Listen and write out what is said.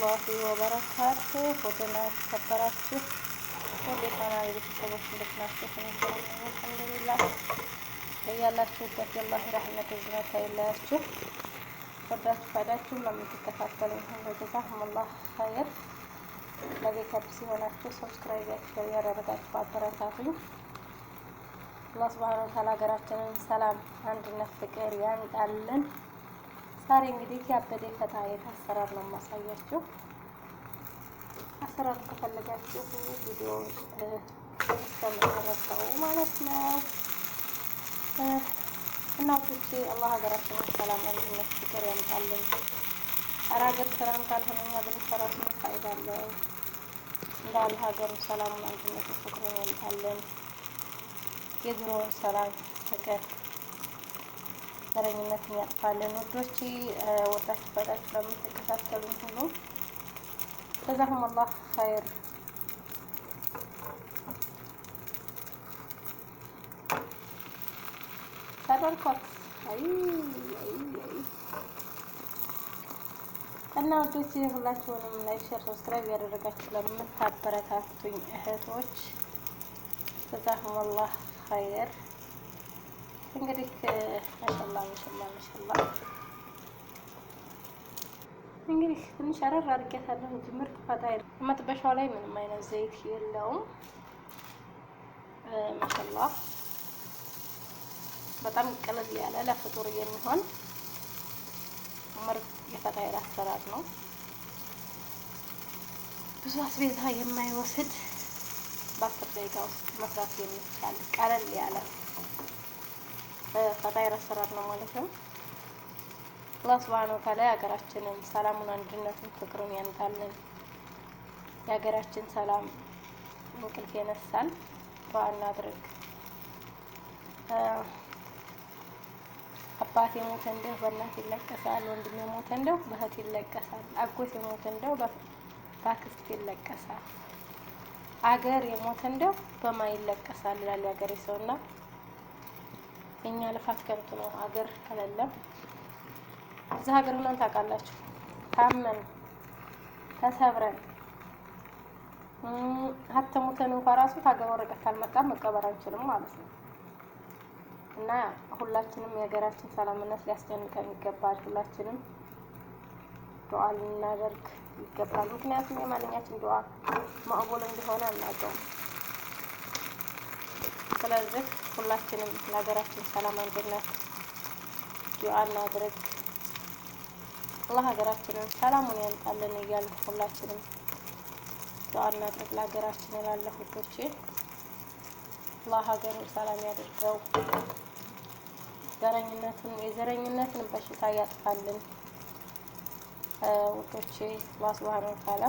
ወረህመቱላሂ ወበረካቱ ሆቴና የተከበራችሁ ሁሉ የቻናል ቤተሰቦች እንዴት ናችሁ? አልሐምዱሊላህ እያላችሁበት የአላህ ረህመት ዝነት አይለያችሁ። ወዳችሁ ካዳችሁ ለምትከታተሉ ሁሉ ጀዛኩሙላህ ኸይር። ለቤት አዲስ ሰብስክራይብ ያደረጋችሁ አበረታቱኝ። አላህ ሱብሓነሁ ወተዓላ ሀገራችንን ሰላም፣ አንድነት፣ ፍቅር ያምጣልን። ዛሬ እንግዲህ ያበደ ፈታ የት አሰራር ነው የማሳያችሁ። አሰራር ከፈለጋችሁ ቪዲዮ እስከመጨረሻው ማለት ነው። እናቶቼ አላህ ሀገራችን ሰላም፣ አንድነት፣ ፍቅር ያምጣልን። ኧረ ሀገር ስራም ካልሆነ እኛ ብንሰራው ምን ፋይዳ አለው? እንዳለ ሀገሩ ሰላም፣ አንድነት፣ ፍቅር ያምጣልን። የድሮውን ሰላም ፍቅር ዘረኝነትን ያጥፋለን። ውዶቼ ወዳችሁ ፈታችሁ ለምትከታተሉኝ ሁሉ ጀዛሁም አላህ ኸይር። ተጠርኳት እና ውዶቼ ሁላችሁንም ላይክ፣ ሼር፣ ሰብስክራይብ ያደረጋችሁ ለምታበረታቱኝ እህቶች ጀዛሁም አላህ ኸይር። እንግዲህ ማሻላ ማሻላ ማሻላ እንግዲህ ትንሽ አረር አድርጌታለሁ እንጂ ምርጥ ፈታ መጥበሻው ላይ ምንም አይነት ዘይት የለውም። ማሻላ በጣም ቅልል ያለ ለፍጡር የሚሆን ምርጥ የፈታይል አሰራር ነው። ብዙ አስቤዛ የማይወስድ በአስር ደቂቃ ውስጥ መስራት የሚቻል ቀለል ያለ ፈጣይር አሰራር ነው ማለት ነው። አላህ ሱብሓነሁ ወተዓላ ሀገራችንን ሰላሙን፣ አንድነቱን፣ ፍቅሩን ያምጣልን። የሀገራችን ሰላም እንቅልፍ የነሳን በአና አድርግ አባት የሞተ እንደው በእናት ይለቀሳል። ወንድም የሞተ እንደው በእህት ይለቀሳል። አጎት የሞተ እንደው በአክስት ይለቀሳል። አገር የሞተ እንደው በማ ይለቀሳል ይላሉ የሀገሬ ሰውና የኛ ልፋት ከንቱ ነው። ሀገር ከሌለም እዚ ሀገር ሆነን ታውቃላችሁ፣ ታመን ተሰብረን ሀተሙተን እንኳ ራሱ ከሀገር ወረቀት ካልመጣም መቀበር አንችልም ማለት ነው። እና ሁላችንም የሀገራችን ሰላምነት ሊያስጨንቀን ይገባል። ሁላችንም ዱዓ ልናደርግ ይገባል። ምክንያቱም የማንኛችን ዱዓ ማዕቡል እንደሆነ አናውቀውም። ስለዚህ ሁላችንም ለሀገራችን ሰላም፣ አንድነት ዱዓ እናድርግ። አላህ ሀገራችንን ሰላሙን ያምጣልን እያልን ሁላችንም ዱዓ እናድርግ ለሀገራችን እላለሁ ውዶቼ። አላህ ሀገሩን ሰላም ያድርገው። ዘረኝነትን የዘረኝነትን በሽታ ያጥፋልን ውዶቼ። አላህ ሱብሃነሁ ወተዓላ